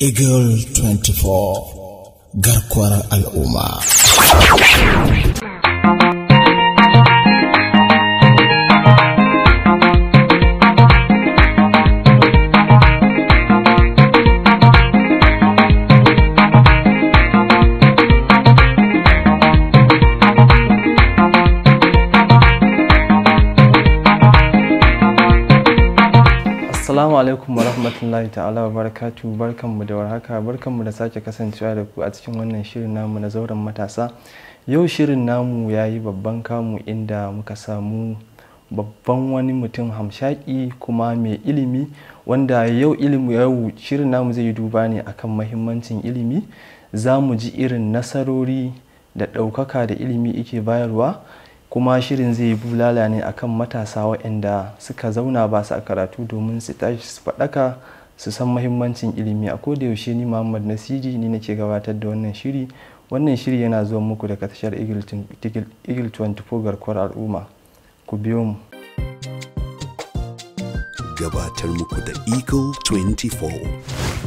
Eagle 24 Garkwar al'umma. Assalamu alaikum wa rahmatullahi ta'ala wa barakatu barkanmu da warhaka barkanmu da sake kasancewa da ku a cikin wannan shirin namu na zauren matasa. Yau shirin namu ya yi babban kamu inda muka samu babban wani mutum hamshaki kuma mai ilimi wanda yau ilimi yau shirin namu zai yi duba ne akan mahimmancin ilimi za mu ji irin nasarori da ɗaukaka da ilimi ike bayarwa kuma shirin zai yi bulala ne akan matasa waɗanda suka zauna ba su a karatu domin su tashi su faɗaka su san mahimmancin ilimi a koda yaushe ni muhammad nasiri ni nake gabatar da wannan shiri wannan shiri yana zuwa muku daga tashar eagle 24 garkuwar al'umma ku biyo mu gabatar muku da Eagle 24.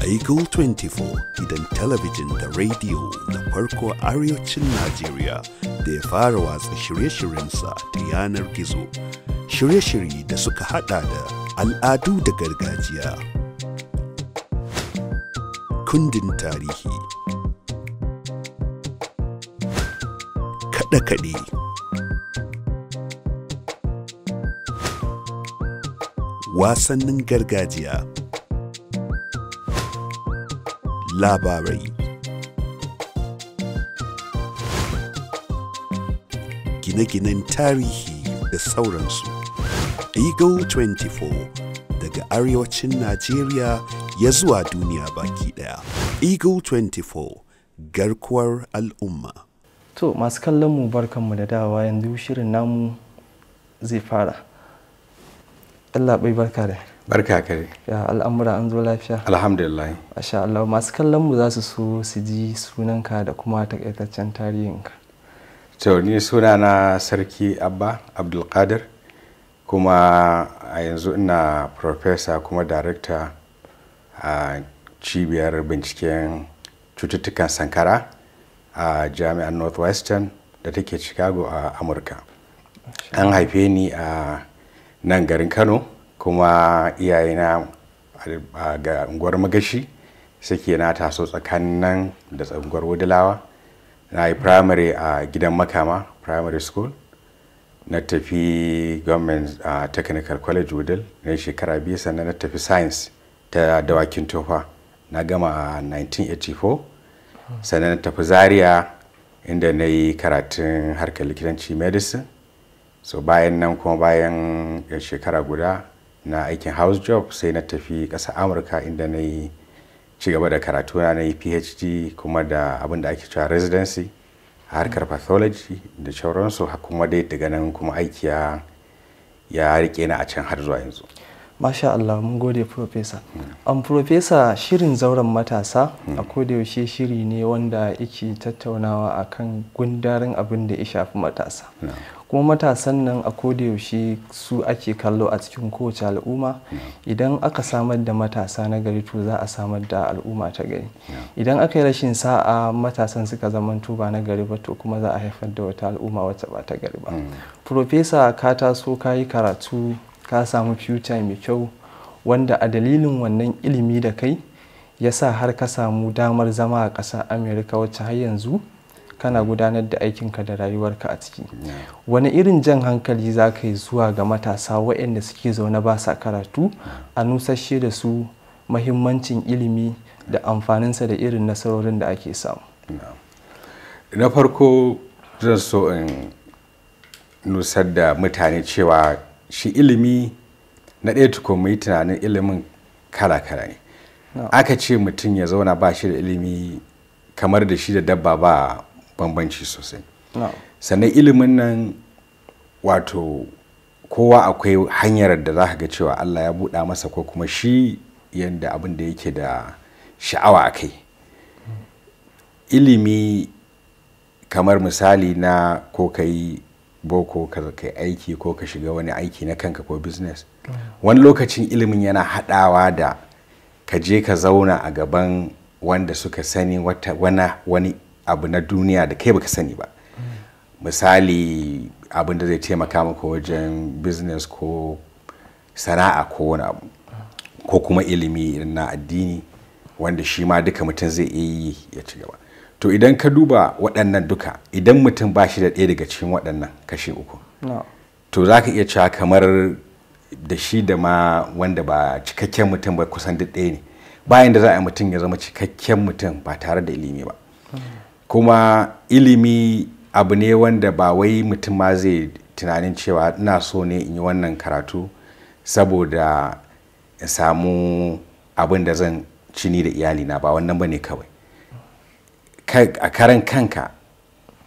Eagle 24 gidan talabijin da rediyo da farko arewacin Najeriya da ya fara watsa shirye-shiryensa ta yanar gizo. Shirye-shirye da suka hada da al'adu da gargajiya. Kundin tarihi. Kaɗe-kaɗe. wasannin gargajiya labarai gine-ginen tarihi da sauransu eagle 24 daga arewacin najeriya ya zuwa duniya baki daya eagle 24 garkuwar al'umma to masu kallon mu barkanmu da dawa yanzu shirin namu zai fara Allah bai barka da barka kare ya al'amura an zo lafiya alhamdulillah asha Allah masu kallon mu zasu so su ji sunanka da kuma takaitaccen tarihinka to ni suna na sarki abba abdul abdulkadir kuma a yanzu ina professor kuma director a cibiyar binciken cututtukan sankara a jami'ar northwestern da take chicago a amurka an haife ni a nan garin kano kuma iyayena ga unguwar magashi suke na taso tsakanin nan da tsangwar wadalawa na yi primary a gidan makama primary school na tafi government a technical college wudil na shekara biyu sannan na tafi science ta dawakin tofa na gama a 1984 sannan na tafi zaria inda na yi karatun harkar likitanci medicine so bayan nan kuma bayan shekara guda na aikin house job sai na tafi ƙasar amurka inda na yi cigaba da karatu na yi phd kuma da abin da ake cewa residency a harkar pathology da sauransu kuma dai daga nan kuma aiki ya rike na a can har zuwa yanzu Masha Allah mun gode Profesa. An hmm. um, Profesa shirin zauren matasa a hmm. yaushe shiri ne wanda yake tattaunawa akan gundarin abin da ya shafi matasa. kuma matasan nan a yaushe su ake kallo a cikin kowace al'umma idan aka samar da matasa na gari to za a samar da al'umma ta gari idan aka yi rashin sa'a matasan suka zamanto ba na gari ba to kuma za a haifar da wata al'umma wacce ba ta gari ba mm. profesa ka taso ka yi karatu ka samu future mai kyau wanda a dalilin wannan ilimi da kai ya sa har ka samu damar zama a ƙasar amerika wacce har yanzu kana gudanar da aikinka da rayuwarka a ciki wani irin jan hankali za ka yi zuwa ga matasa waɗanda suke zaune ba sa karatu a nusashe da su mahimmancin ilimi da amfaninsa da irin nasarorin da ake samu na farko zan so in nusar da mutane cewa shi ilimi na ɗaya tuko mai tunanin ilimin kala-kala ne aka ce mutum ya zauna ba shi da ilimi kamar da shi da dabba ba bambanci sosai sannan ilimin nan wato kowa akwai hanyar da za ga cewa allah ya buɗa masa ko kuma shi yadda abin da yake da sha'awa a kai ilimi kamar misali na ko ka yi boko ka kai aiki ko ka shiga wani aiki na kanka ko business wani lokacin ilimin yana haɗawa da ka je ka zauna a gaban wanda suka sani wani abu na duniya da kai baka sani ba misali abin zai taimaka maka wajen business ko sana'a ko wani abu ko kuma ilimi na addini wanda shi ma duka mutum zai iya yi ya ci gaba to idan ka duba waɗannan duka idan mutum ba shi da ɗaya daga cikin waɗannan kashe uku to za ka iya cewa kamar da shi da ma wanda ba cikakken mutum ba kusan duk ɗaya ne bayan da za a yi mutum ya zama cikakken mutum ba tare da ilimi ba kuma ilimi abu ne wanda ba wai mutum ma zai tunanin cewa ina so ne in yi wannan karatu saboda in samu abin da zan cini da iyalina ba wannan ba ne kawai a karan kanka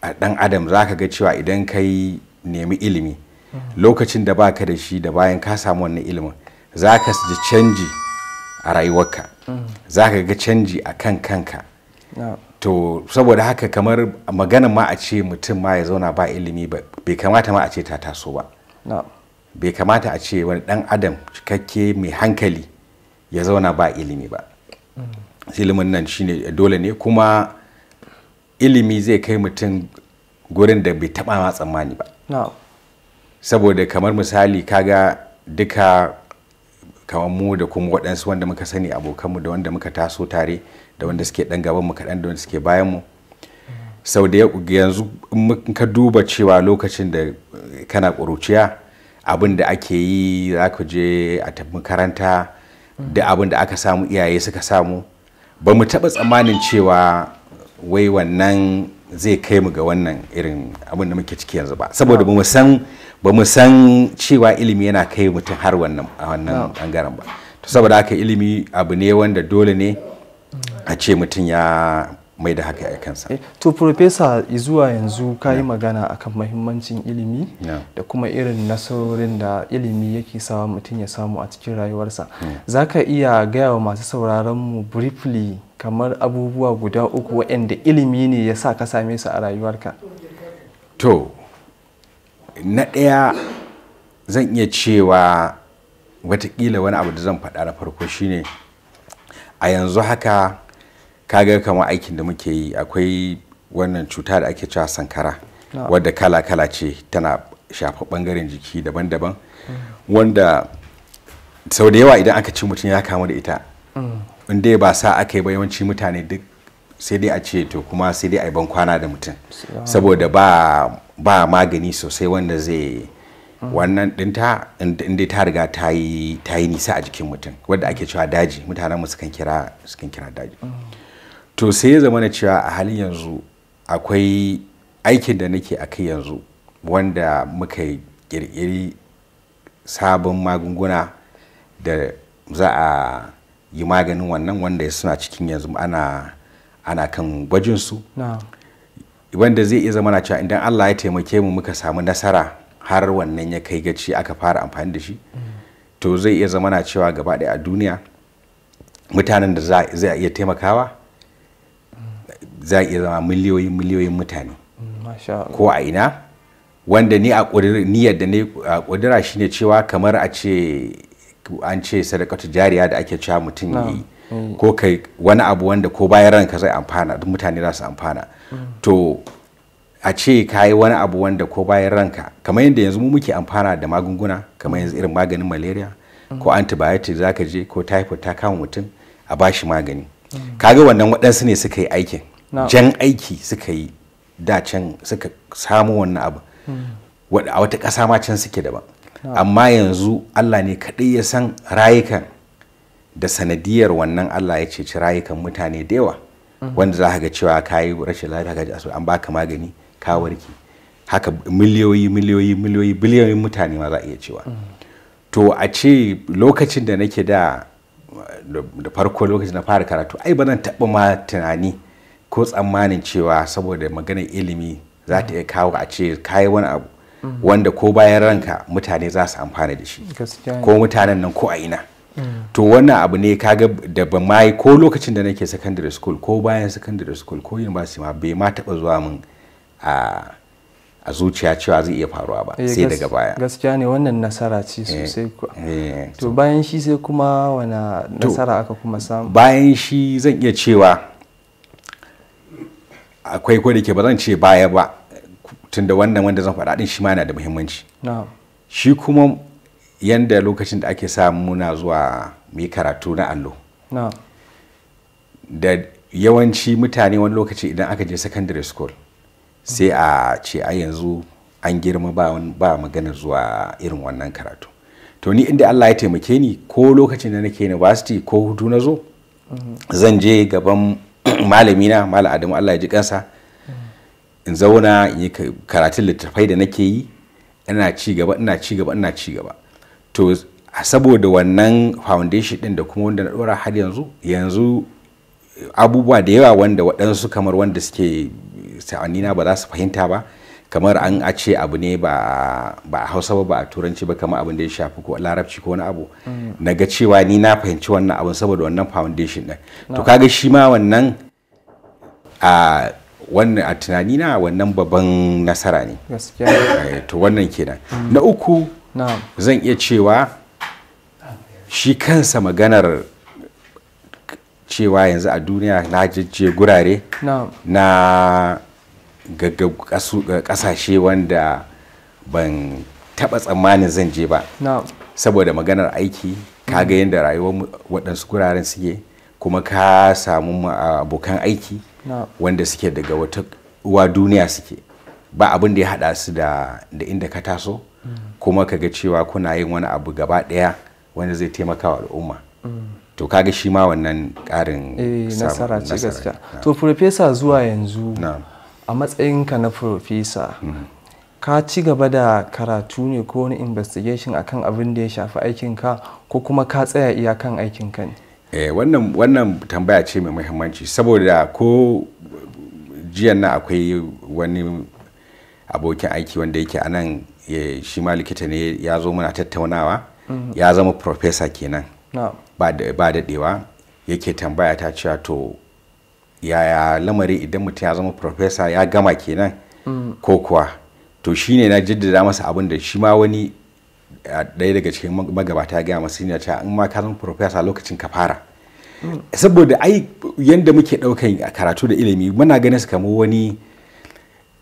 a dan adam za ka ga cewa idan ka yi nemi ilimi lokacin da baka da shi da bayan ka samu wannan ilimin za ka ji canji a rayuwarka mm. za ka ga canji a kan kanka to saboda haka kamar magana ma a ce mutum ma ya zauna ba ilimi ba bai kamata ma a ce ta taso ba bai kamata a ce wani dan adam cikakke mai hankali ya zauna ba ilimi ba mm. ilimin nan shine dole ne kuma ilimi zai kai mutum gurin da bai taba ma tsammani ba saboda kamar misali kaga duka kamar mu da kuma waɗansu wanda muka sani abokanmu da wanda muka taso tare da wanda suke dan gaban mu kaɗan da wanda suke bayan mu sau da yanzu in ka duba cewa lokacin da eh, kana ƙuruciya abin da ake yi za ku je a tafi makaranta da abin da aka samu iyaye suka samu ba mu taɓa tsammanin cewa wai wannan zai kai mu ga wannan irin abin da muke ciki yanzu ba saboda ba mu san ba mu san cewa ilimi yana kai mutum har wannan bangaren ba to saboda haka ilimi abu ne wanda dole ne a ce mutum ya mai da haka aikansa. Eh, to profesa zuwa yanzu ka yi magana akan mahimmancin ilimi da kuma irin nasarorin da ilimi yake sawa mutum ya samu a cikin rayuwarsa hmm. za ka iya gaya wa masu sauraron mu briefly kamar abubuwa guda uku waɗanda ilimi ne ya sa ka same su a rayuwarka to na ɗaya zan iya cewa watakila wani abu da zan faɗa na farko shine a yanzu haka kaga kamar aikin da muke yi akwai wannan cuta da ake cewa sankara wadda kala-kala ce tana shafa bangaren jiki daban-daban wanda sau da yawa idan aka ci mutum ya kamu da ita mm. inda ba sa aka yi yawanci mutane duk sai dai a ce to kuma sai dai a yi bankwana da mutum ah. saboda ba magani sosai wanda zai mm. wannan dinta inda ta riga ta yi nisa a jikin mutum wadda ake cewa daji mutanen mu sukan kira daji mm. to sai ya zama na cewa a halin yanzu akwai aikin da nake a kai yanzu wanda muka kirkiri sabon magunguna da za a yi maganin wannan wanda suna cikin yanzu ana ana kan gwajinsu wanda zai iya zama na cewa idan allah ya taimake mu muka samu nasara har wannan ya kai gaci aka fara amfani da shi mm. to zai iya zama na cewa gaba ɗaya a duniya mutanen da za a iya taimakawa za a iya zama miliyoyin miliyoyin mutane mm, ko a ina wanda ni a niyyar da ne a ƙudura shine cewa kamar a ce an ce sadakatu jariya da ake cewa mutum ya yi mm. ko kai wani abu wanda ko bayan ranka zai amfana duk mutane za su amfana mm. to a ce ka yi wani abu wanda ko bayan ranka kamar yadda yanzu mu muke amfana da magunguna kamar yanzu irin maganin malaria ko antibiotic za ka je ko typhoid ta kama mutum a bashi magani kaga wannan waɗansu ne suka yi aikin jan aiki suka yi dacen suka samu wannan abu hmm. a wata ƙasa ma can suke daban amma yanzu allah ne kaɗai ya san rayukan da sanadiyar wannan allah ya ceci rayukan mutane da yawa hmm. wanda za ga cewa ka yi rashin lafiya ka ji asibiti an baka magani ka warke haka miliyoyi miliyoyi miliyoyi biliyoyin mutane ma za a iya cewa hmm. to a ce lokacin da nake da da farko lokacin na fara karatu ai ba zan taɓa ma tunani ko tsammanin cewa saboda maganar ilimi za ta iya kawo a ce kayi wani abu wanda ko bayan ranka mutane za su amfana da shi ko mutanen nan ko a ina mm. to wannan abu ne kaga da ba ma yi ko lokacin da nake secondary school ko bayan secondary school ko university ma bai ma taba zuwa min a a zuciya cewa zai iya faruwa ba eh, sai daga baya gaskiya ne wannan nasara ce eh, sosai eh, to bayan shi sai kuma wana nasara aka kuma samu bayan shi zan iya cewa akwai ko da ke ba zan ce baya ba tunda wannan wanda zan faɗa din shi ma yana da muhimmanci shi kuma yanda lokacin da ake samu muna zuwa mai karatu na allo da yawanci mutane wani lokaci idan aka je secondary school sai a ce a yanzu an girma ba maganar zuwa irin wannan karatu to ni inda Allah ya taimake ni ko lokacin da nake university ko hutu na zo mhm. zan je gaban malamina na adamu allah ya ji kansa in zauna in yi karatun littattafai da nake yi ina ci gaba ina ci gaba ina ci gaba to saboda wannan foundation din da kuma wanda na dora har yanzu yanzu abubuwa da yawa wanda waɗansu kamar wanda suke na ba za su fahimta ba kamar an a ce abu ne ba a hausa ba ba a turanci ba kamar abin da ya shafi ko larabci ko wani abu mm. na ga cewa ni na fahimci wannan abin saboda wannan foundation din to kaga shi ma wannan a wannan tunani na wannan babban nasara ne eh, to wannan kenan na uku zan iya cewa shi kansa maganar cewa yanzu a duniya na jajje gurare na kasashe wanda ban taba tsammanin zan je ba saboda maganar aiki kaga mm. yadda rayuwar waɗansu guraren suke kuma ka samu abokan aiki wanda suke daga wata uwa duniya suke ba abin da ya hada su da inda ka taso mm. kuma ka ga cewa kuna yin wani abu gaba daya wanda zai taimaka wa al'umma mm. to kaga shi ma wannan karin eh, nasara ce gaskiya to profesa zuwa yanzu a matsayinka na profesa mm-hmm. ka ci gaba da karatu ne ko wani investigation akan abin da ya shafi aikinka ko kuma ka tsaya iya kan aikinka ne eh wannan wannan tambaya ce mai muhimmanci saboda ko jiyan na akwai wani abokin aiki wanda yake anan eh, shi ma likita ne ya zo muna tattaunawa mm-hmm. ya zama profesa kenan ba daɗewa yake tambaya ta cewa to yaya lamari idan mutum ya zama profesa ya gama kenan mm. ko kuwa to shine na jaddada masa abin da shi ma wani ɗaya daga cikin magabata ya gaya masu yana cewa in ma ka zama profesa lokacin ka fara saboda ai yanda muke ɗaukan karatu da ilimi muna ganin su kamar wani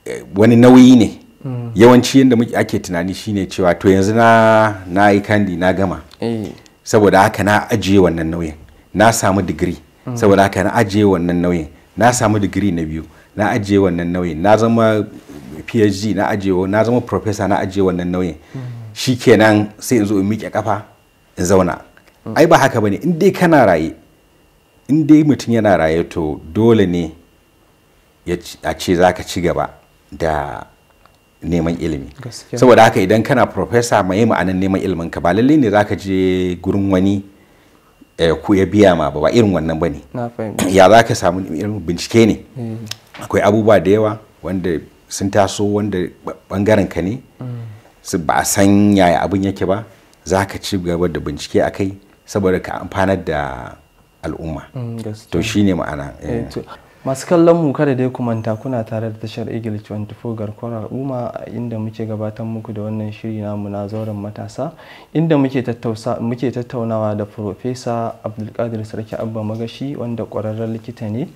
eh, wani nauyi ne mm. yawanci yanda muke ake tunani shine cewa to yanzu na na yi kandi na gama eh. saboda haka na ajiye wannan nauyin na samu digiri mm. saboda haka na ajiye wannan nauyin na samu digiri na biyu na ajiye wannan nauyin na zama phd na ajiye na zama profesa na ajiye wannan nauyin mm. shi kenan sai in zo in miƙe kafa in zauna ai ba haka bane in dai kana raye in dai mutum yana raye to dole ne a ce za ka ci gaba da neman ilimi saboda haka idan kana profesa mai ma'anin neman ilimin ka ba lalle ne za ka je gurin wani eh, ku ya biya ma ba irin wannan ba ya za ka samu ilimin bincike ne eh. akwai abubuwa da yawa wanda sun taso wanda bangaren ka ne mm. ba a san yaya abin yake ba za ka ci gaba da bincike a kai saboda ka amfanar da al'umma mm, to shine ma'ana eh, eh. masu kallon mu kada dai ku manta kuna tare da tashar igil 24 garkuwar al'umma inda muke gabatar muku da wannan shiri namu na zauren matasa inda muke tattaunawa da profesa abdulkadir sarki abba magashi wanda kwararren likita ne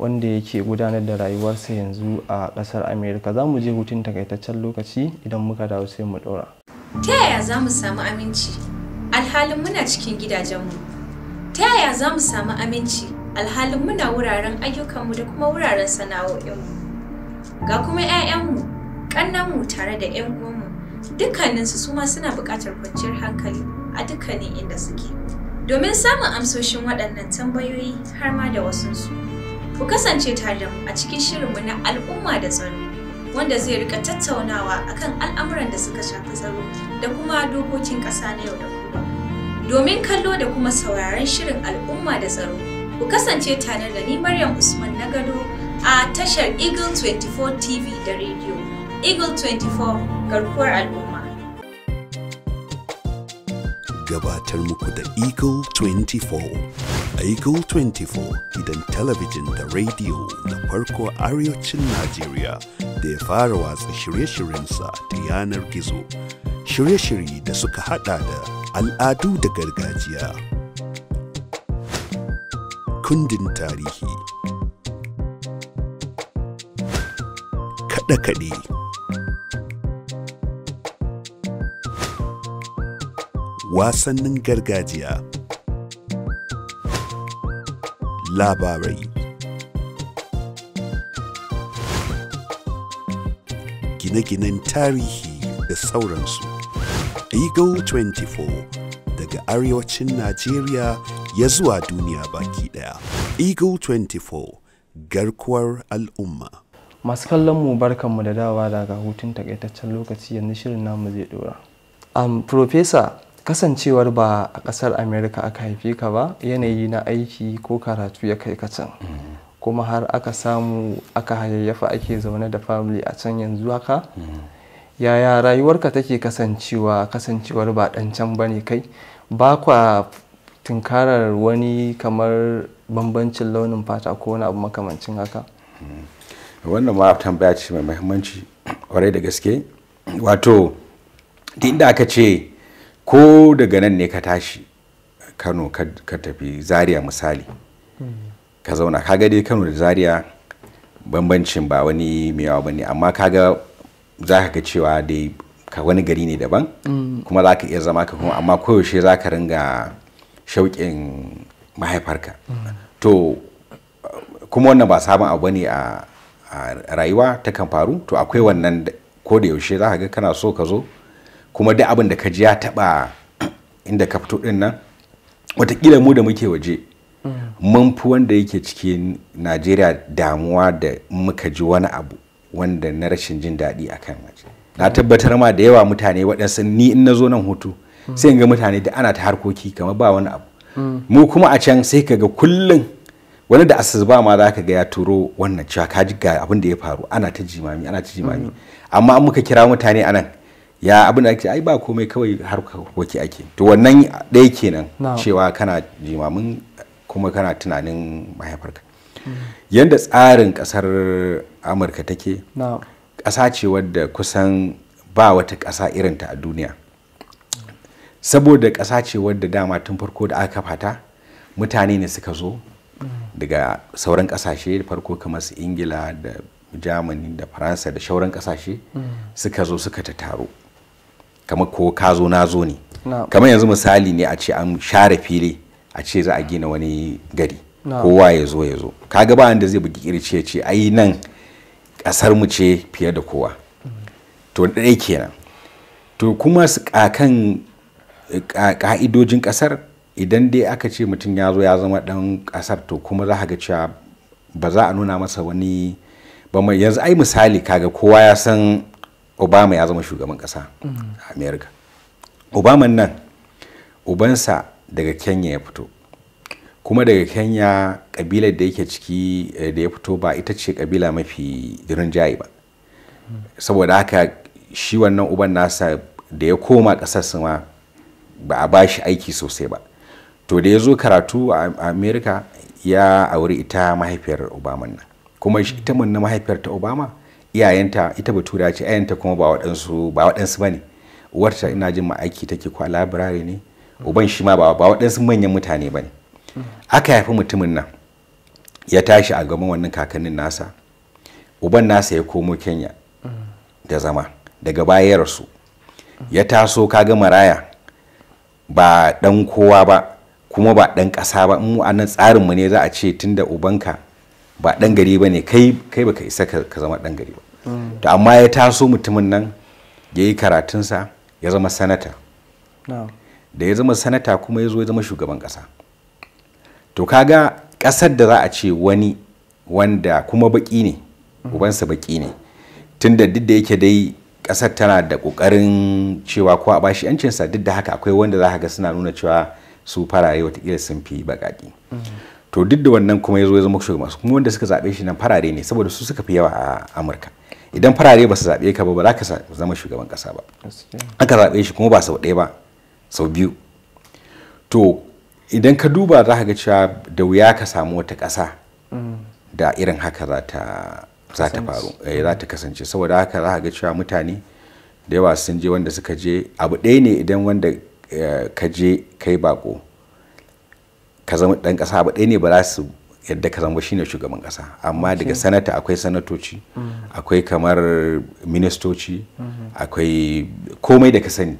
wanda yake gudanar da rayuwarsa yanzu a kasar amerika za mu je hutun takaitaccen lokaci idan muka dawo sai mu ɗora ta yaya za mu samu aminci alhalin muna cikin gidajenmu ta yaya za mu samu aminci alhalin muna wuraren ayyukanmu da kuma wuraren sana'o'inmu ga kuma 'ya'yanmu ƙannanmu tare da 'yan uwanmu dukkaninsu su ma suna buƙatar kwanciyar hankali a dukkanin inda suke domin samun amsoshin waɗannan tambayoyi har ma da wasunsu. Ku kasance tare da mu a cikin shirinmu na al'umma da tsaro wanda zai rika tattaunawa akan al'amuran da suka shafi tsaro da kuma dokokin ƙasa na yau da kullum. Domin kallo da kuma sauraron shirin al'umma da tsaro, ku kasance tare da ni Maryam Usman na gado a tashar Eagle 24 TV da rediyo Eagle 24 garkuwar al'umma. gabatar muku da Eagle 24. Eagle 24 gidan talabijin da rediyo na farko arewacin Najeriya da ya fara watsa shirye-shiryensa ta yanar gizo. Shirye-shirye da suka hada da al'adu da gargajiya. Kundin tarihi. Kaɗe-kaɗe. wasannin gargajiya labarai gine-ginen tarihi da sauransu eagle 24 daga arewacin najeriya ya zuwa duniya baki daya eagle 24 garkuwar al'umma masu kallon mu barkanmu da dawa daga hutun takaitaccen lokaci yanzu shirin namu zai dora um, professor kasancewar ba a kasar america aka haife ka ba yanayi na aiki ko karatu ya kai kacan kuma har aka samu aka hayayyafa ake zaune da family a can yanzu haka yaya rayuwarka take kasancewa kasancewar ba dan can ne kai ba kwa tunkarar wani kamar bambancin launin fata ko wani abu makamancin haka wannan ma tambaya ce mai muhimmanci kwarai da gaske wato duk aka ce ko daga nan ne ka tashi kano ka tafi zaria misali ka zauna kaga dai kano da zaria bambancin ba wani mai yawa bane amma kaga za ka ga cewa dai ka wani gari ne daban mm. kuma za ka iya zama ka kuma amma koyaushe za ka ringa shauƙin mahaifarka mm. to kuma wannan ba sabon abu ne a rayuwa takan faru to akwai wannan ko da yaushe za ka ga kana so ka zo kuma da abin da ka ji ya taba inda ka fito din nan watakila mu da muke waje mun fi wanda yake cikin najeriya damuwa da muka ji wani abu wanda na rashin jin daɗi a kan waje na tabbatar ma da yawa mutane waɗansu ni in na zo nan hutu sai ga mutane da ana ta harkoki kamar ba wani abu mu kuma a can sai ka ga kullum wani da ba ma za ka ga ya turo wannan cewa ka ji ga abin da ya faru ana ta jimami ana ta jimami amma an muka kira mutane anan ya abin da ake ai ba komai kawai har hoki ake to wannan ɗaya kenan cewa kana jimamin kuma kana tunanin mahaifarka yadda tsarin ƙasar amurka take kasa ce wadda kusan ba wata ƙasa irinta a duniya saboda ƙasa ce wadda dama tun farko da aka fata mutane ne suka zo daga sauran ƙasashe da farko kamar su ingila da jamani da faransa da shauran kasashe mm. suka zo suka ta taro kamar ko ka zo na zo ne kamar yanzu misali ne a ce an share fili a ce za a gina wani gari kowa ya zo ya zo kaga ba da zai bugi kirce ya ce ai nan kasar mu ce fiye da kowa to dai kenan to kuma su kakan ka'idojin kasar idan dai aka ce mutum ya zo ya zama dan kasar to kuma za ga cewa ba za a nuna masa wani ba mai yanzu ai misali kaga kowa ya san obama ya zama shugaban kasa a america obama nan ubansa daga kenya ya fito kuma daga kenya kabilar da yake ciki eh, da ya fito ba ita ce kabila mafi rinjaye ba saboda haka shi wannan uban nasa da ya koma kasar sama ba a ba shi aiki sosai ba to da ya zo karatu a america ya auri ita mahaifiyar obama nan kuma ita mun na mahaifiyar ta obama iyayenta ita batura ce iyayenta kuma ba waɗansu ba waɗansu bane uwarta ina jin ma aiki take ko labirare ne uban shi ma ba waɗansu manyan mutane bane aka haifi mutumin nan ya tashi a gaban wannan kakannin nasa uban nasa ya komo kenya da zama daga baya ya ya taso kaga maraya ba dan kowa ba kuma ba dan ƙasa ba mu a nan tsarinmu ne za a ce tunda ubanka ba dan gari ba ne kai kai baka isa ka zama dan gari ba mm. to amma ya taso mutumin nan ya yi karatunsa ya zama sanata da ya zama sanata kuma ya zo ya zama shugaban kasa to kaga kasar da za a ce wani wanda kuma baki ne mm. ubansa baki ne tun da duk da yake dai kasar tana da kokarin cewa ko a bashi yancinsa duk da haka akwai wanda za ka ga suna nuna cewa su farare watakila sun fi baƙaƙi mm. to duk da wannan kuma ya zo ya zama shugaba su kuma wanda suka zaɓe shi nan farare ne saboda su suka fi yawa a amurka idan farare ba su zaɓe ka ba ba za ka zama shugaban ƙasa ba aka zaɓe shi kuma ba sau ɗaya ba sau biyu to idan ka duba za ka ga cewa da wuya ka samu wata ƙasa mm. da irin haka za ta za ta faru eh, za ta kasance saboda haka za ka ga cewa mutane da yawa sun je wanda suka je abu ɗaya ne idan wanda eh, ka je kai bako ka zama dan kasa ba ɗaya ne ba za su yadda ka zama shine shugaban kasa amma daga sanata akwai sanatoci mm. akwai kamar ministoci mm-hmm. akwai komai da ka sani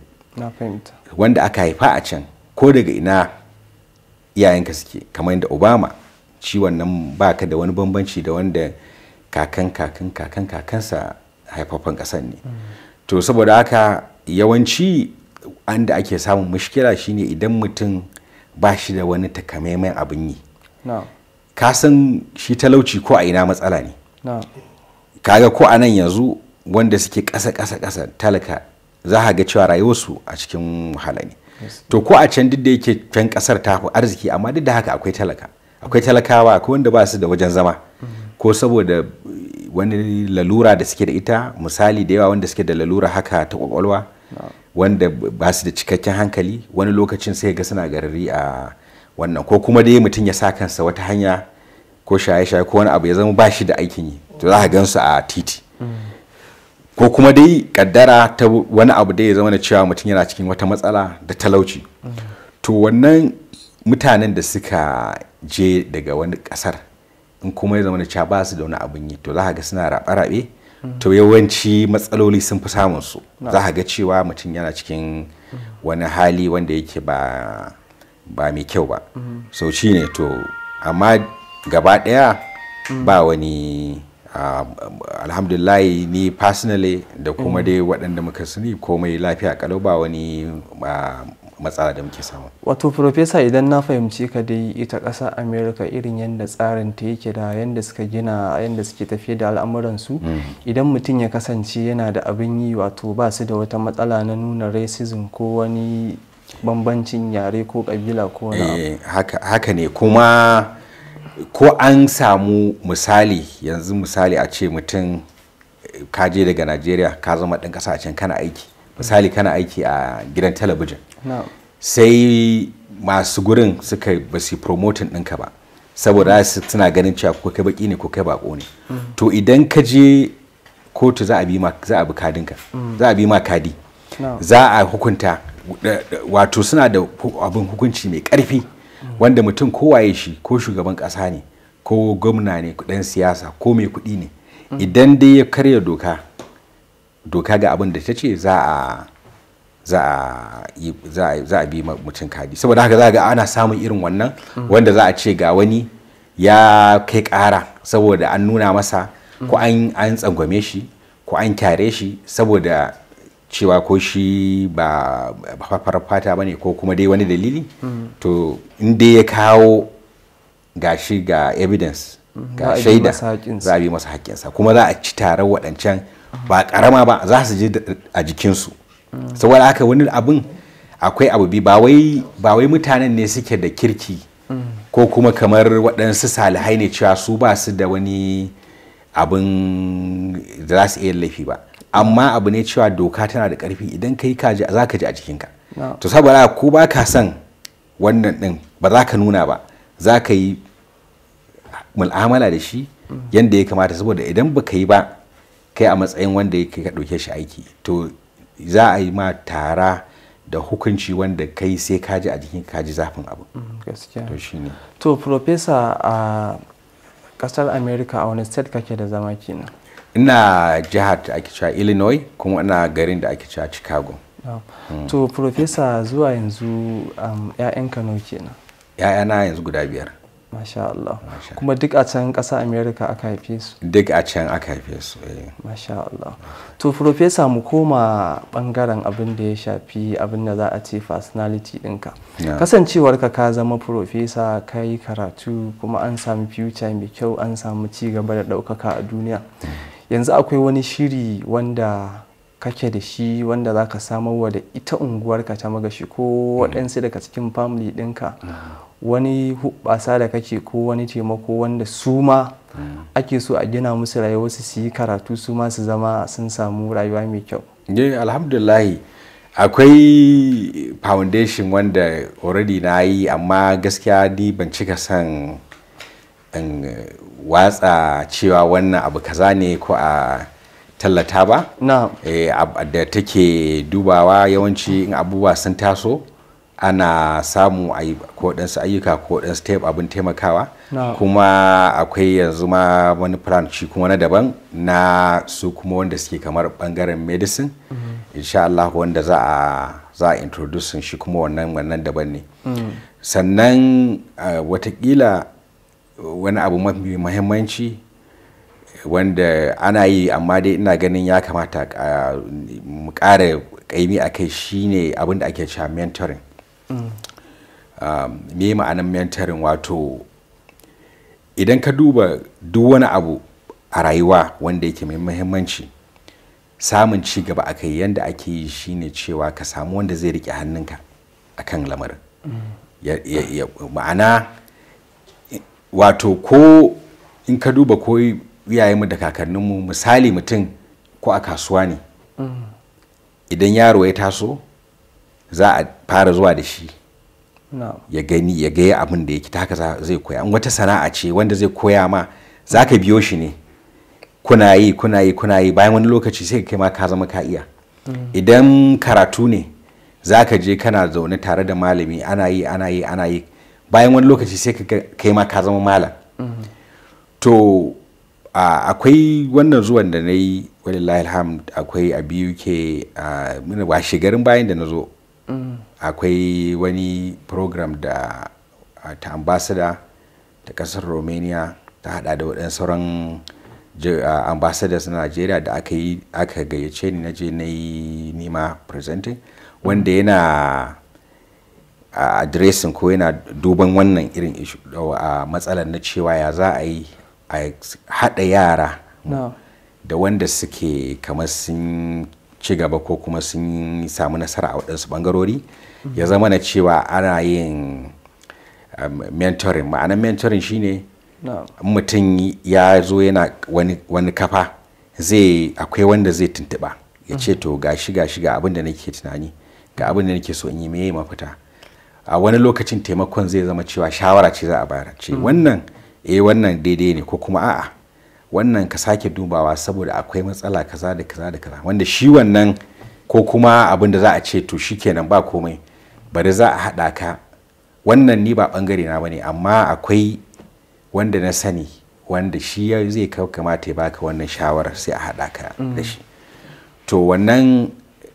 wanda aka haifa a can ko daga ina iyayenka suke kamar da obama ciwon nan baka da wani bambanci da wanda kakan kakan kakan kakansa haifafan kasan ne mm. to saboda haka yawanci an da ake samun mushkila shine idan mutum ba shi da wani takamaiman abin yi ka san shi talauci ko a ina matsala ne kaga ko a nan yanzu wanda suke kasa ƙasa ƙasa talaka za a ga cewa rayuwarsu a cikin wahala ne to ko a can duk da yake can kasar ta fi arziki amma duk da haka akwai talaka akwai talakawa akwai wanda ba su da wajen zama mm-hmm. ko saboda wani lalura da suke da ita misali da yawa wanda suke da lalura haka ta kwakwalwa wanda ba su da cikakken hankali wani lokacin sai ga suna garari a wannan ko kuma dai mutum ya sa kansa wata hanya ko shaye-shaye ko wani abu ya zama ba shi da aikin yi to za ka gan su a titi ko kuma dai kaddara ta wani abu da ya zama na cewa mutum yana cikin wata matsala da talauci to wannan mutanen da suka je daga wani kasar in kuma ya zama na cewa ba su da wani abin yi to za ka ga suna raɓe-raɓe to yawanci matsaloli sun fi samun su za ga cewa mutum yana cikin wani hali wanda yake ba ba mai kyau ba mm-hmm. so shi ne to amma gaba daya mm. ba wani ah, alhamdulillahi ni personally da kuma mm. dai waɗanda muka sani komai lafiya kalau ba wani ah, matsala da muke samu wato profesa idan na fahimci ka dai ita ƙasa america irin yadda tsarin ta yake da yadda suka gina yadda suke tafiye da al'amuransu mm. idan mutum ya kasance yana da abin yi wato ba su da wata matsala na nuna racism ko wani bambancin yare ko kabila ko wani eh, haka ne kuma ko an samu misali yanzu misali a ce mutum ka je daga najeriya ka zama ɗan ƙasa a can kana aiki misali kana aiki a gidan talabijin sai masu gurin suka ba su promotin ɗinka ba saboda suna ganin cewa ko kai baki ne ko kai bako ne mm. to idan ka je kotu za a bi za a bi kadinka mm. za a bi ma kadi za a hukunta wato suna da abin hukunci mai karfi wanda mutum kowaye shi ko shugaban kasa ne ko gwamna ne dan siyasa ko mai kudi ne mm. idan dai ya karya doka doka ga abin da ta ce za a za a bi mutum kadi saboda haka za ga ana samun irin wannan wanda za a ce ga wani ya kai kara saboda an nuna masa ko an tsangwame shi ko an kyare shi saboda cewa ko shi ba farar fata ba ne ko kuma dai wani dalili to in dai ya kawo gashi ga evidence mhm. ga shaida za a bi masa haƙƙinsa kuma za a ci taron waɗancan ba ƙarama ba za su je a jikinsu saboda haka wani abin akwai abu bi ba wai mutanen ne suke da kirki ko kuma kamar waɗansu salihai ne cewa su ba su da wani abin da za su iya laifi ba amma abu ne cewa doka tana da ƙarfi idan ka yi kaji za ka ji a jikinka to saboda ko ba ka son wannan ɗin ba za ka nuna ba za ka yi mul'amala da shi yadda ya kamata saboda idan ba ka yi ba kai a matsayin wanda ya ka ɗauke shi aiki to za a yi ma tara da hukunci wanda kai sai kaji a jikin kaji zafin abu mm, to ne to profesa a kasar america a wani state kake da zama kenan ina jihar da ake cewa illinois kuma ina garin da ake cewa chicago mm. to profesa zuwa yanzu um, 'ya'yan kano kenan 'ya'yana yanzu guda biyar Masha Allah. Kuma duk a can ƙasa Amerika aka haife su. Duk a can aka haife su. Eh. Masha Allah. To, Profesa mu koma ɓangaren abin da ya shafi abin da za a ce personality ɗinka. kasancewar ka ka zama Profesa ka yi karatu kuma an sami future mai kyau an samu ci gaba da ɗaukaka a duniya. Mm. Yanzu akwai wani shiri wanda kake da shi wanda za ka samarwa da ita unguwarka ta magashi ko mm. waɗansu daga cikin family ɗinka wani hubbasa da kake ko wani taimako wanda su ma hmm. ake so a gina musu rayuwa su yi karatu su ma su zama sun samu rayuwa mai kyau alhamdulillahi akwai foundation wanda already na yi amma gaskiya ni ban cika son in watsa cewa wannan abu kaza ne ko a tallata ba eh, da take dubawa yawanci in abubuwa sun taso ana samu a yi kodansu ayyuka kodansu taib abin taimakawa kuma akwai yanzu ma wani plan shi kuma na daban na su kuma wanda suke kamar bangaren medicine mhm. insha Allah wanda za a za a introduce shi kuma wannan wannan daban ne mm. sannan watakila wani abu mafi muhimmanci wanda ana yi amma dai ina ganin ya kamata mu kare kaimi a kai shine abin da ake cewa mentoring Um, me ma'anan mentorin wato idan ka duba duk wani abu a rayuwa wanda yake mai muhimmanci samun ci gaba a kai yadda ake yi shine cewa ka samu wanda zai rike hannunka a kan lamarin ma'ana wato ko in ka duba ko iyayenmu da kakanninmu misali mutum ko a kasuwa ne mm. idan yaro ya taso za a fara zuwa da shi ya gani ya gaya abin da yake ta haka zai koya wata sana'a ce wanda zai koya ma za ka biyo shi ne kuna yi kuna yi kuna yi bayan wani lokaci sai ka kai ma ka zama ka iya mm. idan karatu ne za ka je kana zaune tare da malami ana yi ana yi ana yi bayan wani lokaci sai ka kai ma ka zama malam mm-hmm. to akwai wannan zuwan da na yi walillahi alhamd akwai a biyu ke muna bayan da na zo akwai wani program da ta ambasada ta kasar romania ta hada da waɗansu sauran ambasadas na nigeria da aka yi aka gayyace ni na je na yi nima presenting wanda yana a ko yana duban wannan irin a matsalar na cewa ya za a yi a haɗa yara da wanda suke kamar sun ci gaba ko kuma sun samu nasara a waɗansu bangarori ya zama na cewa ana yin um, mentoring ma'anar mentoring shine mutum ya zo yana wani kafa zai akwai wanda zai tuntuɓa ya ce to gashi gashi ga abin da nake tunani ga abin da nake so in yi me mafita a wani lokacin taimakon zai zama cewa shawara ce za a bayar ce mm. wannan eh wannan daidai ne ko kuma a'a wannan ka sake dubawa saboda akwai matsala kaza da kaza da kaza wanda shi wannan ko kuma abin da za a ce to shikenan ba komai bari za a haɗa ka wannan ni ba bangare na bane amma akwai wanda na sani wanda shi zai kamata ya baka wannan shawarar sai a haɗa ka mm. da shi to wannan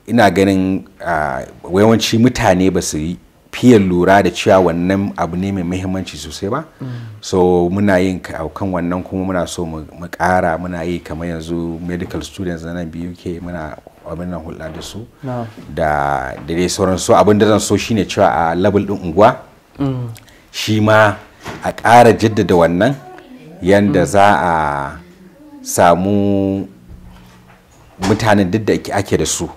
ina ganin ah, yawanci mutane ba su yi fiye lura da cewa wannan abu ne mai muhimmanci sosai ba so muna yin kan wannan kuma muna so mu kara muna yi kamar yanzu medical students na nan biyu ke muna abin nan hulɗa da su da dai sauran so abin da zan so shine cewa a level din unguwa mm. shi ma a ƙara jaddada wannan yanda mm. za a samu mutanen duk da ake da su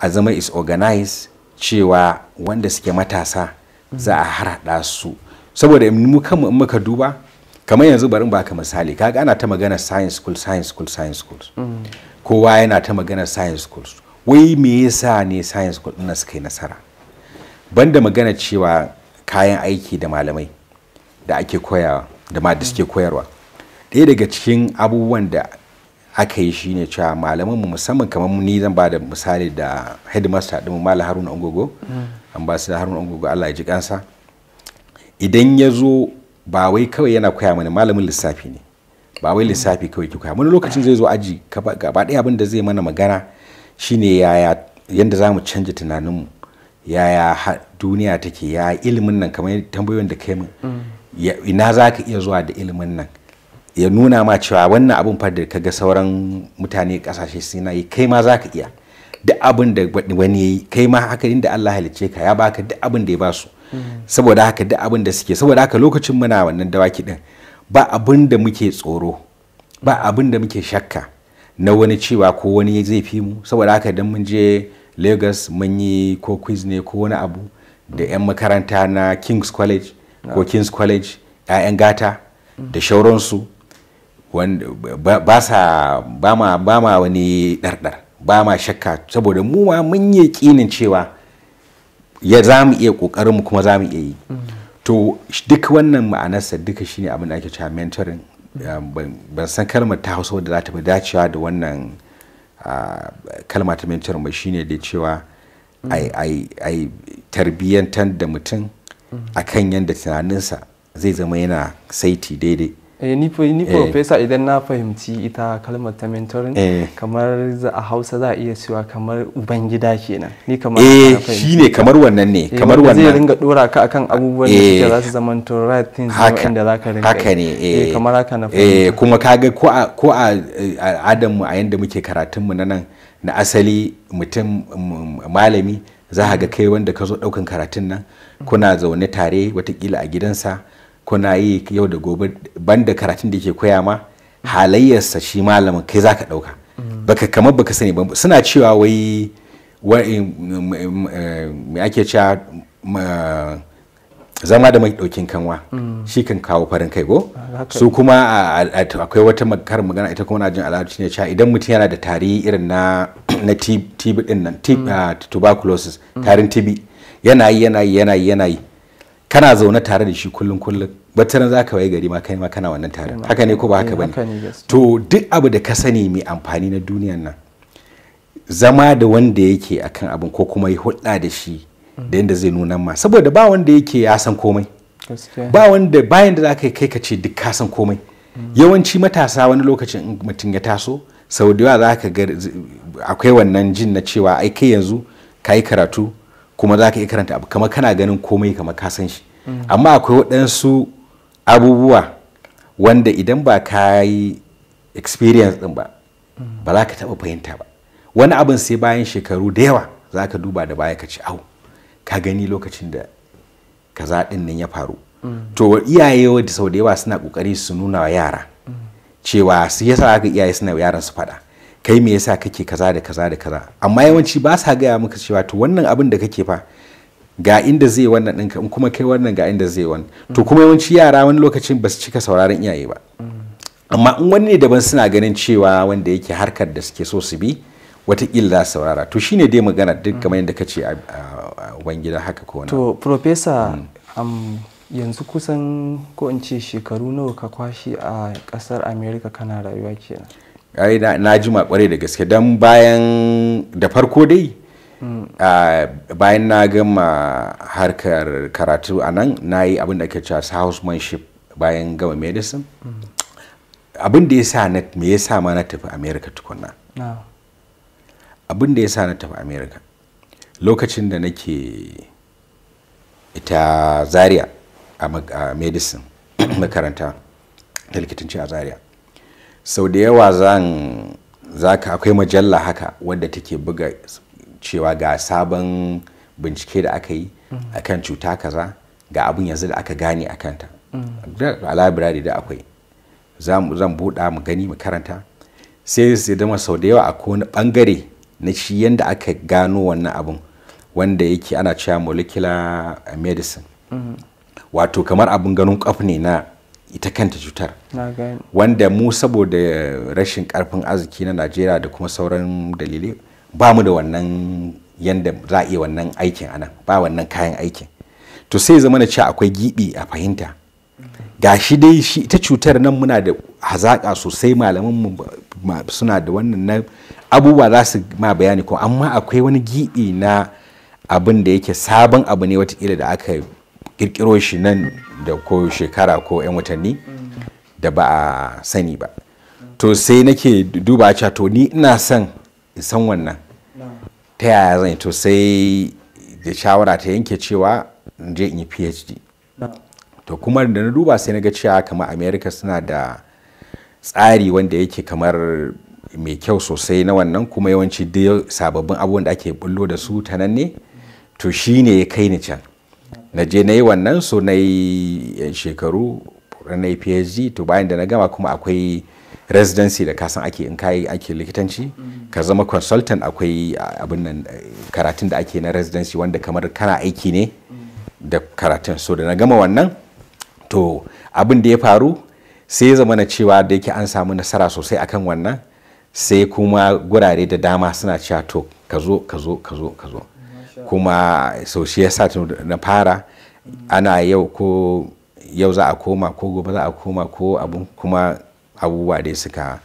a zama is organized cewa wanda suke matasa za a harada su saboda mu in muka duba kamar yanzu barin baka misali kaga ana ta magana science school science school science school kowa yana ta magana science school wai me yasa ne science school ɗin suka yi nasara banda magana cewa kayan aiki da malamai da ake koyawa da ma da suke koyarwa ɗaya daga cikin abubuwan da aka yi shine cewa malaman mu musamman kamar ni zan ba da misali da headmaster din malam Haruna Ongogo ambassador Haruna Ongogo Allah ya ji kansa idan ya zo ba wai kawai yana koya mana malamin lissafi ne ba wai lissafi kawai ki koya wani lokacin zai zo aji gaba ɗaya abin da zai mana magana shine yaya yanda zamu canja tunaninmu yaya duniya take ya ilimin nan kamar tambayoyin da kai mu ina za ka iya zuwa da ilimin nan ya nuna ma cewa wannan abin fa da ga sauran mutane kasashe suna yi kai ma zaka iya duk abin da wani yayi kai ma haka inda Allah halicce ka ya baka duk abin da ya basu saboda haka duk abin da suke saboda haka lokacin muna wannan dawaki din ba abin da muke tsoro ba abin da muke shakka na wani cewa ko wani zai fi mu saboda haka idan mun je Lagos mun yi ko quiz ne ko wani abu da 'yan makaranta na King's College ko King's College 'ya'yan gata da shauransu ba sa ba ma wani ɗarɗar ba ma shakka saboda mu ma mun yi kinin cewa ya za mu iya kokarin mu kuma za mu iya yi to duk wannan ma'anarsa duka shine abin da ake cewa mentoring um, ban san kalmar ta hausa da za ta fi dacewa da wannan kalma ta mentoring ba shine da cewa ai tarbiyyantar da mutum mm. a kan yadda tunaninsa zai zama yana saiti daidai eh ni eh. professor idan na fahimci ita kalmar ta mentoring eh. kamar a hausa za a iya cewa kamar gida kenan ni kamar eh shine kamar wannan ne eh, kamar wannan zai ringa dora ka akan abubuwan da suke za su zama to right things wanda za zaka ringa haka ne eh kamar haka na eh kuma kaga ko a ko a adam mu a yanda muke karatun mu na nan na asali mutum malami za ga mm. kai wanda ka zo daukan karatun nan kuna zaune tare watakila a gidansa kuna yi yau da gobe ban da karatun da yake koya ma halayyarsa shi malamin kai za ka ɗauka baka kamar baka sani ba suna cewa wai eh, eh, me ake cewa zama da mai daukin kanwa shi kan kawo farin kai go ah, su kuma akwai wata makar magana ita kuma na jin shi ne cewa idan mutum yana da tari irin na na tb din nan mm. ah, tuberculosis tarin tb yana yi yana yana yi yana yi kana zaune tare da shi kullum kullum battaran za ka waye gari ma kai ma kana wannan tare haka ne ko ba haka eh, bane to duk abu da ka sani mai amfani na duniyan nan zama da wanda yake akan abin ko kuma yi hulɗa da shi mm. da yadda zai nuna ma saboda ba wanda yake ya san komai ba wanda bayan da za ka kai ka ce duk ka san komai mm. yawanci matasa wani lokacin mutum ya taso sau da yawa za ka ga akwai wannan jin na cewa ai kai yanzu ka yi karatu kuma za ka iya karanta abu kamar kana ganin komai kamar ka san shi amma akwai waɗansu abubuwa wanda idan ba ka yi experience ɗin ba ba za ka taɓa fahimta ba wani abin sai bayan shekaru da yawa za ka duba da baya ka ci au ka gani lokacin da kaza ɗin nan ya faru to iyaye wadda sau da yawa suna ƙoƙari su nuna wa yara cewa su yasa ga iyaye suna yaran su faɗa kai me yasa kake kaza da kaza da kaza amma yawanci ba sa gaya maka cewa to wannan abin da kake fa ga inda zai wannan ɗinka in kuma kai wannan ga inda zai wannan to kuma yawanci yara wani lokacin ba su cika sauraron iyaye ba amma in wani ne daban suna ganin cewa wanda yake harkar da suke so su bi watakila za su saurara to shine dai magana duk mm. kamar yadda ka a ubangida haka ko wani to professor mm. yanzu kusan ko in ce shekaru nawa ka kwashi a kasar america kana rayuwa kenan ai na jima kwarai da gaske don bayan da farko dai bayan na gama harkar karatu a nan na yi abin da ake cewa housemanship bayan gama medicine abin da ya sa me ya sa ma na tafi america tukuna abin da ya sa na tafi america lokacin da nake ita zaria a medicine makaranta ta likitanci a zaria sau da yawa zan ka akwai majalla haka wadda take buga cewa ga sabon bincike da aka yi mm-hmm. akan cuta kaza ga abin yanzu da aka gane a kanta mm-hmm. a labirari da akwai zan buɗa mu gani mu karanta sai sai dama sau da yawa a kone bangare na shi yadda aka gano wannan abin wanda yake ana cewa molecular medicine mm-hmm. wato kamar abin ganin kwaf ne na ita kanta cutar wanda mu saboda rashin karfin arziki na najeriya da kuma sauran dalilai ba mu da wannan yadda za a iya wannan aikin anan ba wannan kayan aikin to sai zama na cewa akwai gibi a fahimta ga shi dai shi ita cutar nan muna da hazaƙa sosai malaman suna da wannan na abubuwa za su ma bayani ko amma akwai wani gibi na abin da yake sabon abu ne watakila da aka kirkiro shi nan da ko shekara ko 'yan watanni da ba a sani ba to sai nake duba cewa to ni ina son san wannan ta yaya zan to sai da shawara ta yanke cewa in je in yi phd to kuma da na duba sai na ga cewa kamar america suna da tsari wanda yake kamar mai kyau sosai na wannan kuma yawanci dai sababbin abubuwan da ake bullo da su ta nan ne to shine ya kai ni can na je na yi wannan so na yi eh, shekaru na yi phd to bayan da na gama kuma akwai residency da kasan ake in kayi ake likitanci mm-hmm. ka zama consultant akwai eh, abin eh, karatun da ake na residency wanda kamar kana aiki ne mm. da karatun so da na gama wannan to abin da ya faru sai zama na cewa da yake an samu nasara sosai akan wannan sai kuma gurare da dama suna cewa to ka zo ka zo ka zo ka zo kuma so shi yasa na fara ana yau ko yau za a koma ko gobe za a koma ko abun kuma abubuwa dai suka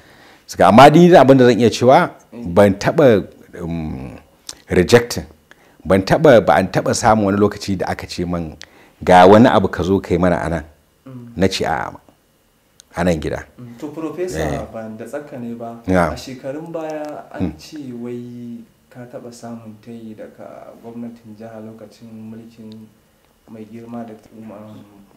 suka amma dai abin da zan iya cewa ban taba um, rejecting ban taba ba an taba samun wani lokaci da aka ce man ga wani abu ka zo kai mana anan mm. na ci a anan gida mm. to professor eh. ba da tsakka ne ba a shekarun baya an mm. ce wai ka taɓa samun tayi daga gwamnatin jiha lokacin mulkin mai girma da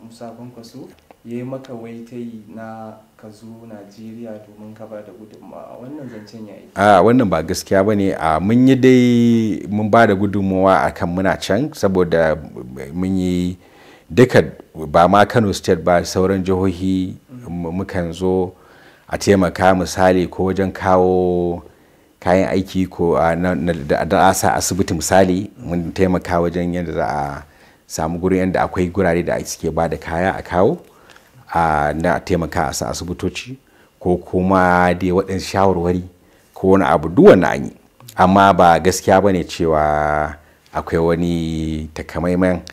musa kwankwaso ya yi maka wai tayi na ka zo najeriya domin ka ba da gudunmawa wannan zancen ya yi a wannan ba gaskiya ba ne a mun yi dai mun ba da gudunmawa a kan muna can saboda mun yi duka ba ma kano state ba sauran jihohi mm. mukan zo a taimaka misali ko wajen kawo kayan aiki ko ah, da asa asibiti misali mun taimaka wajen yadda za a samu gurin yadda akwai gurare da suke ba da kaya a kawo na taimaka a sa asibitoci ko kuma dai waɗansu shawarwari ko wani abu duk wani an amma ba gaskiya ba ne cewa akwai wani takamaiman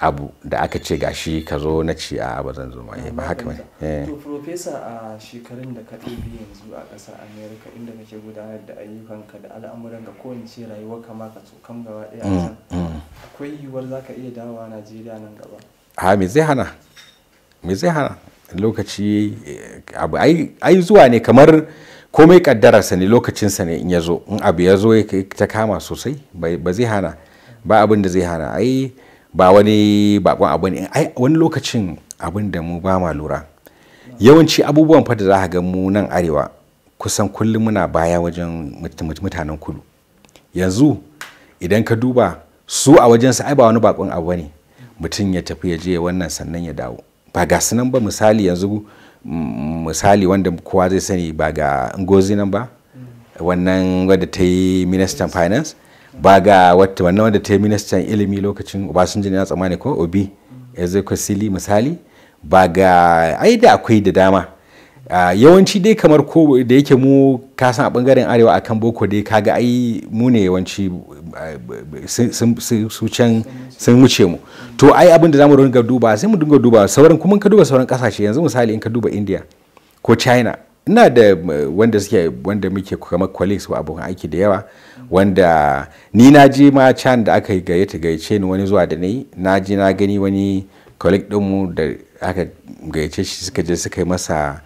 abu da aka ce ga shi ka zo na ci a ba zan zo ba eh, haka mai eh. to professor a shekarun da ka ɗebi yanzu a ƙasar america inda kake gudanar da ayyukanka da al'amuran ka ko in ce rayuwar ka maka kan gaba ɗaya mm, mm. akwai yiwuwar za ka iya dawowa najeriya nan gaba ha me zai hana me zai hana lokaci eh, abu ai zuwa ne kamar komai kaddararsa ne lokacinsa ne in ya zo in abu ya zo ta kama sosai ba zai hana ba abin da zai hana ai ba wani bakon abu ne ai wani lokacin abin da mu ba ma lura yawanci abubuwan fa da za ga mu nan arewa kusan kullum muna baya wajen mutanen kudu yanzu idan ka duba su a wajen su ai ba wani bakon abu ne mutum ya tafi ya je wannan sannan ya dawo ba ga sunan ba misali yanzu mm, misali wanda kowa zai sani ba ga ngozi nan ba mm. wannan wadda ta yi ministan finance ba ga wata wannan wanda ta yi ministan ilimi lokacin obasanjo na tsammani ko obi ezekwesili misali ba ga ai da akwai da dama yawanci dai kamar ko da yake mu kasan a bangaren arewa akan boko dai kaga ai mu ne yawanci su can sun wuce mu to ai abin da mu dinga duba sai mu dinga duba sauran kuma ka duba sauran kasashe yanzu misali in ka duba india ko china ina da eh, wanda suke wanda muke kamar colleagues ko abokan aiki da yawa wanda ni na je ma can da aka ta gayyace ni wani zuwa da ni na je na gani wani colleague dinmu da aka gayyace shi suka je suka yi masa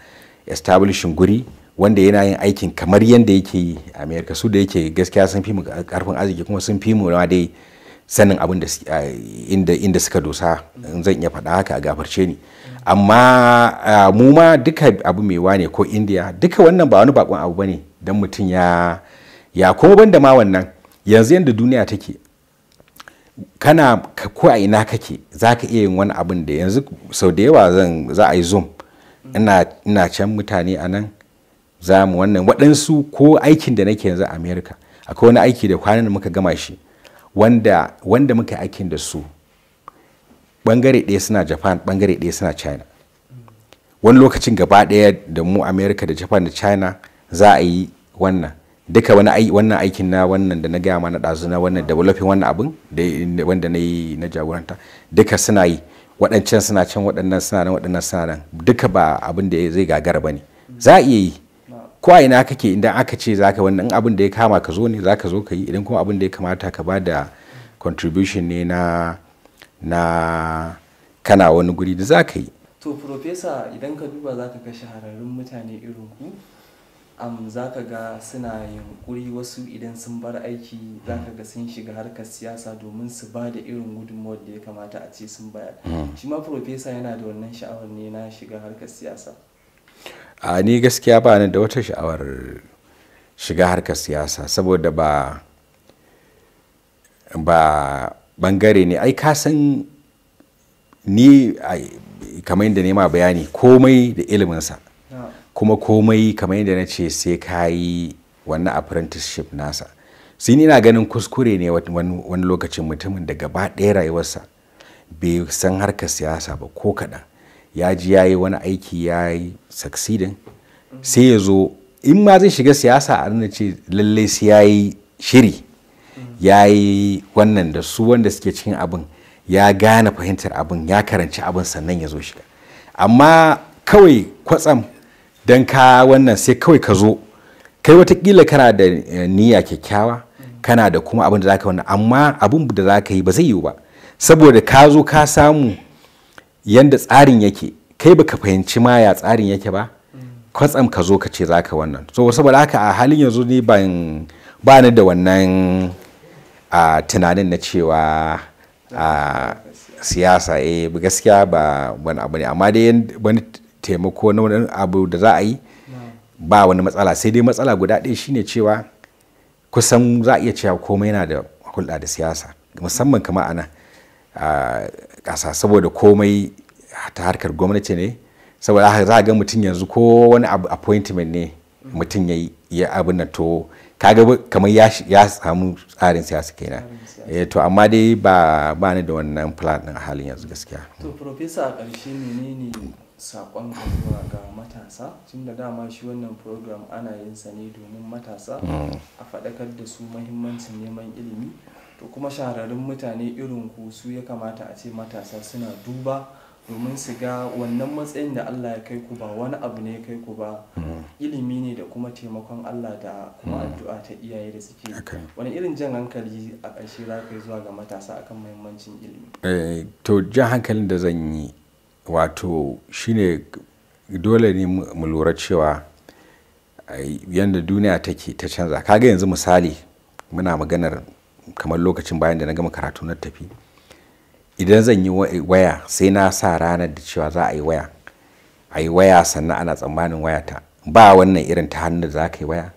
establishing guri wanda yana yin aikin kamar yadda yake yi a america su da yake gaskiya sun fi mu karfin arziki kuma sun fi mu ma dai sanin abin da eh, inda suka dosa zan iya faɗa haka a gafarce ni amma eh, mu ma duka abu mai wane ko india duka wannan ba wani bakon abu bane don mutum ya ya kuma banda ma wannan yanzu yadda duniya take kana ko a ina kake za ka iya yin wani abin da yanzu sau da yawa zan za a yi zoom ina can mutane a nan za mu wannan waɗansu ko aikin da nake yanzu a america akwai wani aiki da kwanan muka gama shi wanda wanda muka aikin da su bangare ɗaya suna japan bangare ɗaya suna china wani lokacin gaba ɗaya da mu america da japan da china za a yi wannan duka wani wannan aikin na wannan da na gaya ma na ɗazu na wannan developing wannan abin wanda na yi na jagoranta duka suna yi waɗancan suna can waɗannan suna nan waɗannan suna nan duka ba abin da zai gagara ba ne za a iya yi ko a ina kake idan aka ce za ka wannan abin da ya kama ka zo ne za ka zo ka yi idan kuma abin da ya kamata ka ba da contribution ne na na kana wani guri da za ka yi to professor idan ka duba za ka hararun mutane irin ku um, za ga suna yunkuri wasu idan sun bar aiki za ga sun shiga harkar siyasa domin su ba da irin gudunmawar da ya kamata a ce sun bayar hmm. shi ma profesa yana da wannan sha'awar ne na shiga harkar siyasa a ni gaskiya ba ni da wata sha'awar shiga harkar siyasa saboda ba ba bangare ne ai kasan ni kamar yadda nema bayani komai da iliminsa ah. kuma komai kamar yadda na ce sai ka yi wannan apprenticeship nasa sai ni ina ganin kuskure ne wani lokacin mutumin da gaba ɗaya rayuwarsa bai san harkar siyasa ba ko kaɗan ya ji ya yi wani aiki ya yi succeeding sai ya zo in ma zai shiga siyasa a nuna ce lallai sai ya yi shiri ya yi wannan da su wanda suke cikin abin ya gane fahimtar abin ya karanci abin sannan ya zo shiga amma kawai kwatsam don ka wannan sai kawai ka zo kai watakila kana da eh, niyya kyakkyawa kana da kuma abin da za ka wannan amma abin da za ka yi ba zai yiwu ba saboda ka zo ka samu yadda tsarin yake kai ba ka fahimci ma ya tsarin yake ba kwatsam ka zo ka ce za ka wannan so saboda haka a halin yanzu ni ban ba ni da wannan tunanin na cewa siyasa eh gaskiya ba wani abu ne amma dai wani taimako na wani abu da za a yi ba wani matsala sai dai matsala guda ɗaya shine cewa kusan za a iya cewa komai yana da hulɗa da siyasa musamman kama ana a ƙasa saboda komai ta harkar gwamnati ne saboda za a ga mutum yanzu ko wani appointment ne mutum ya yi ya abin nan to kaga kamar ya samu tsarin siyasa kenan eh to amma dai ba ni da wannan plan din halin yanzu gaskiya to professor a ƙarshe menene sakon zuwa ga matasa tun da dama shi wannan program ana yin sa ne domin matasa mm. a faɗakar da su mahimmancin neman ilimi to kuma shahararrun mutane irin ku su ya kamata a ce matasa suna duba domin su ga wannan matsayin da Allah ya kai ku ba wani abu ne ya kai ku ba mm. ilimi ne da kuma taimakon Allah da kuma mm. addu'a ta iyaye da suke wani irin jan hankali a ƙarshe za ka yi zuwa ga matasa akan mahimmancin ilimi eh, to jan hankalin da zan yi wato shine dole ne mu lura cewa yadda duniya take ta canza kaga yanzu misali muna maganar kamar lokacin bayan da na gama karatu na tafi idan zan yi waya sai na sa ranar da cewa za a yi waya a yi waya sannan ana tsammanin waya ta ba wannan irin ta hannu da za ka yi waya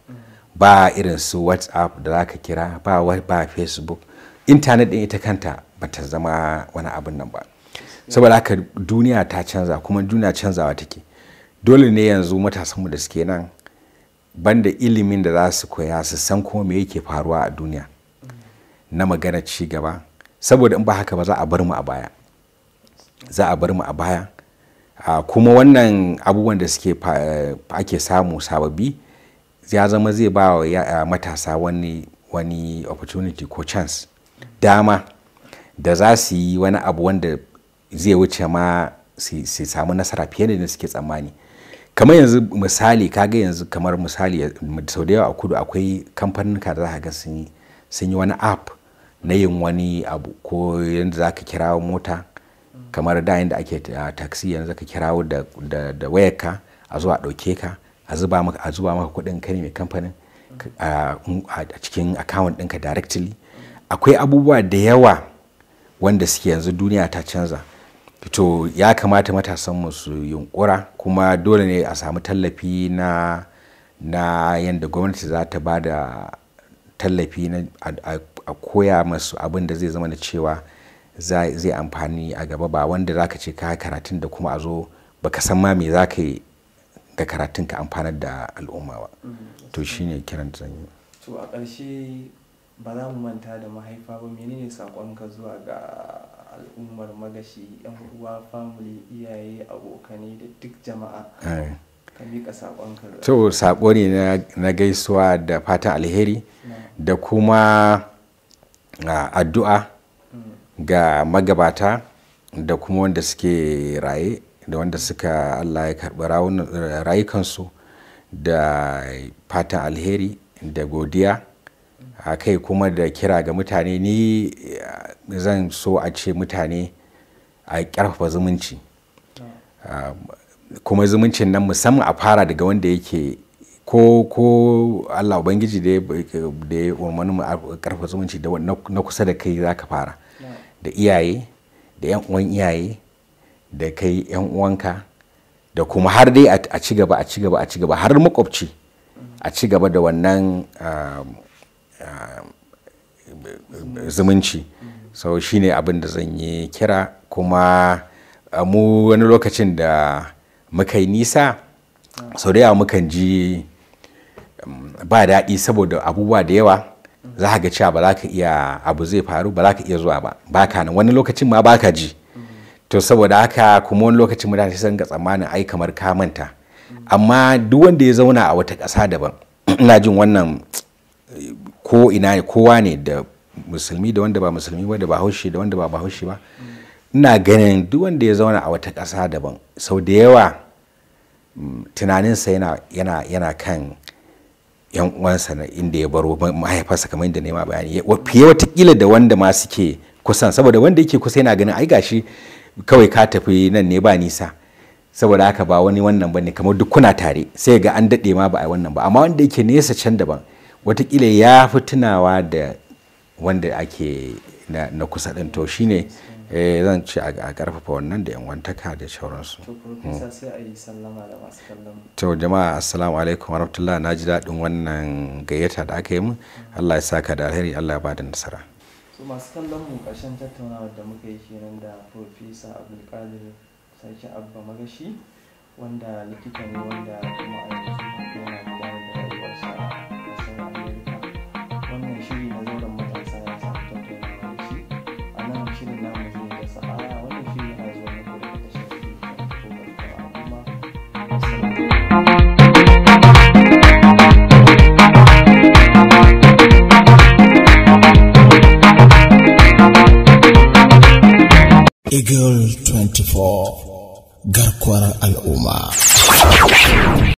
ba irin su whatsapp da za ka kira ba, ba facebook intanet ɗin ita kanta ba ta zama wani abin nan ba saboda haka duniya ta canza kuma duniya canzawa take dole ne yanzu matasanmu da suke nan banda ilimin da za su koya su san kuma me yake faruwa a duniya na magana ci gaba saboda in ba haka ba za a bar mu a baya za a bar mu a baya kuma wannan abubuwan da suke eh, ake samu sababi ya zama zai ba wa eh, matasa wani wani opportunity ko chance dama da za su yi wani abu wanda zai wuce ma su samu nasara fiye da suke tsammani kamar yanzu misali kaga yanzu kamar misali sau da yawa a kudu akwai kamfanin da za ga sun yi wani app na yin wani abu ko yanzu za ka kirawo mota kamar da yanda ake taxi yanzu ka kirawo da wayarka a zuwa ɗauke ka a zuba maka zuba kuɗin kai mai kamfanin a cikin account ɗinka directly akwai abubuwa da yawa wanda suke yanzu duniya ta canza to ya kamata matasan mu su yunkura kuma dole ne a samu tallafi na na yadda gwamnati za ta ba da tallafi na a koya masu abin da zai zama da cewa zai amfani a gaba ba wanda za ka ce ka karatun da kuma a zo baka san ma me za ka yi ga karatun ka amfanar da al'umma ba mm-hmm. to shine kiran da yi. to a ƙarshe ba za mu manta da mahaifa ba menene saƙonka zuwa ga al'ummar magashi yan uwa family iyaye abokanai da duk jama'a ka miƙa saƙonka to saƙo ne na gaisuwa da fatan alheri da kuma addu'a mm. ga magabata da kuma wanda suke raye da wanda suka allah ya karɓi rayukansu da fatan alheri da godiya a kai kuma da kira ga mutane ni eh, zan so a ce mutane a ƙarfafa zumunci ah, kuma zumuncin nan musamman a fara daga wanda yake ko ko Allah ubangiji da ya umarni mu zumunci da na kusa da kai za ka fara da iyaye da yan uwan iyaye da kai yan uwanka da kuma har dai a cigaba gaba a ci a ci har makwabci a cigaba da wannan ah, Um, zumunci so shine abin da zan yi kira kuma uh, mu wani lokacin da muka yi nisa sau da yawa mukan ji um, ba daɗi saboda abubuwa da yawa za ga cewa ba za ka iya abu zai faru ba za ka iya zuwa ba ba ka nan wani lokacin ma ba ka ji to saboda haka kuma wani lokacin mutane sun ga tsammanin ai kamar ka manta amma duk wanda ya zauna a wata ƙasa daban ina jin wannan ko ina ne kowa ne da musulmi da wanda ba musulmi ba da bahaushe da wanda ba bahaushe ba ina ganin duk wanda ya zauna a wata ƙasa daban sau da yawa mm, tunaninsa yana kan yan uwansa na inda ya baro mahaifarsa kamar inda nema bayani fiye watakila da wanda ma suke kusan saboda wanda yake kusa yana ganin ai gashi kawai ka tafi nan ne ba nisa saboda haka ba wani wannan bane kamar duk kuna tare sai ga an daɗe ma ba a wannan ba amma wanda yake nesa can daban watakila ya fi tunawa da wanda ake na, na kusa din to shine eh, zan ci a karfafa wannan da yanwantaka da shauransu to jama'a assalamu alaikum rahmatullahi na ji daɗin wannan gayyata da aka yi mun allah ya saka da alheri allah ya ba nasara su masu kallon mu ƙarshen tattaunawa da muka yi kenan da profesa abdulkadir sarki abba magashi wanda likita ne wanda kuma a yanzu yana Eagle 24 garkuwar al'umma.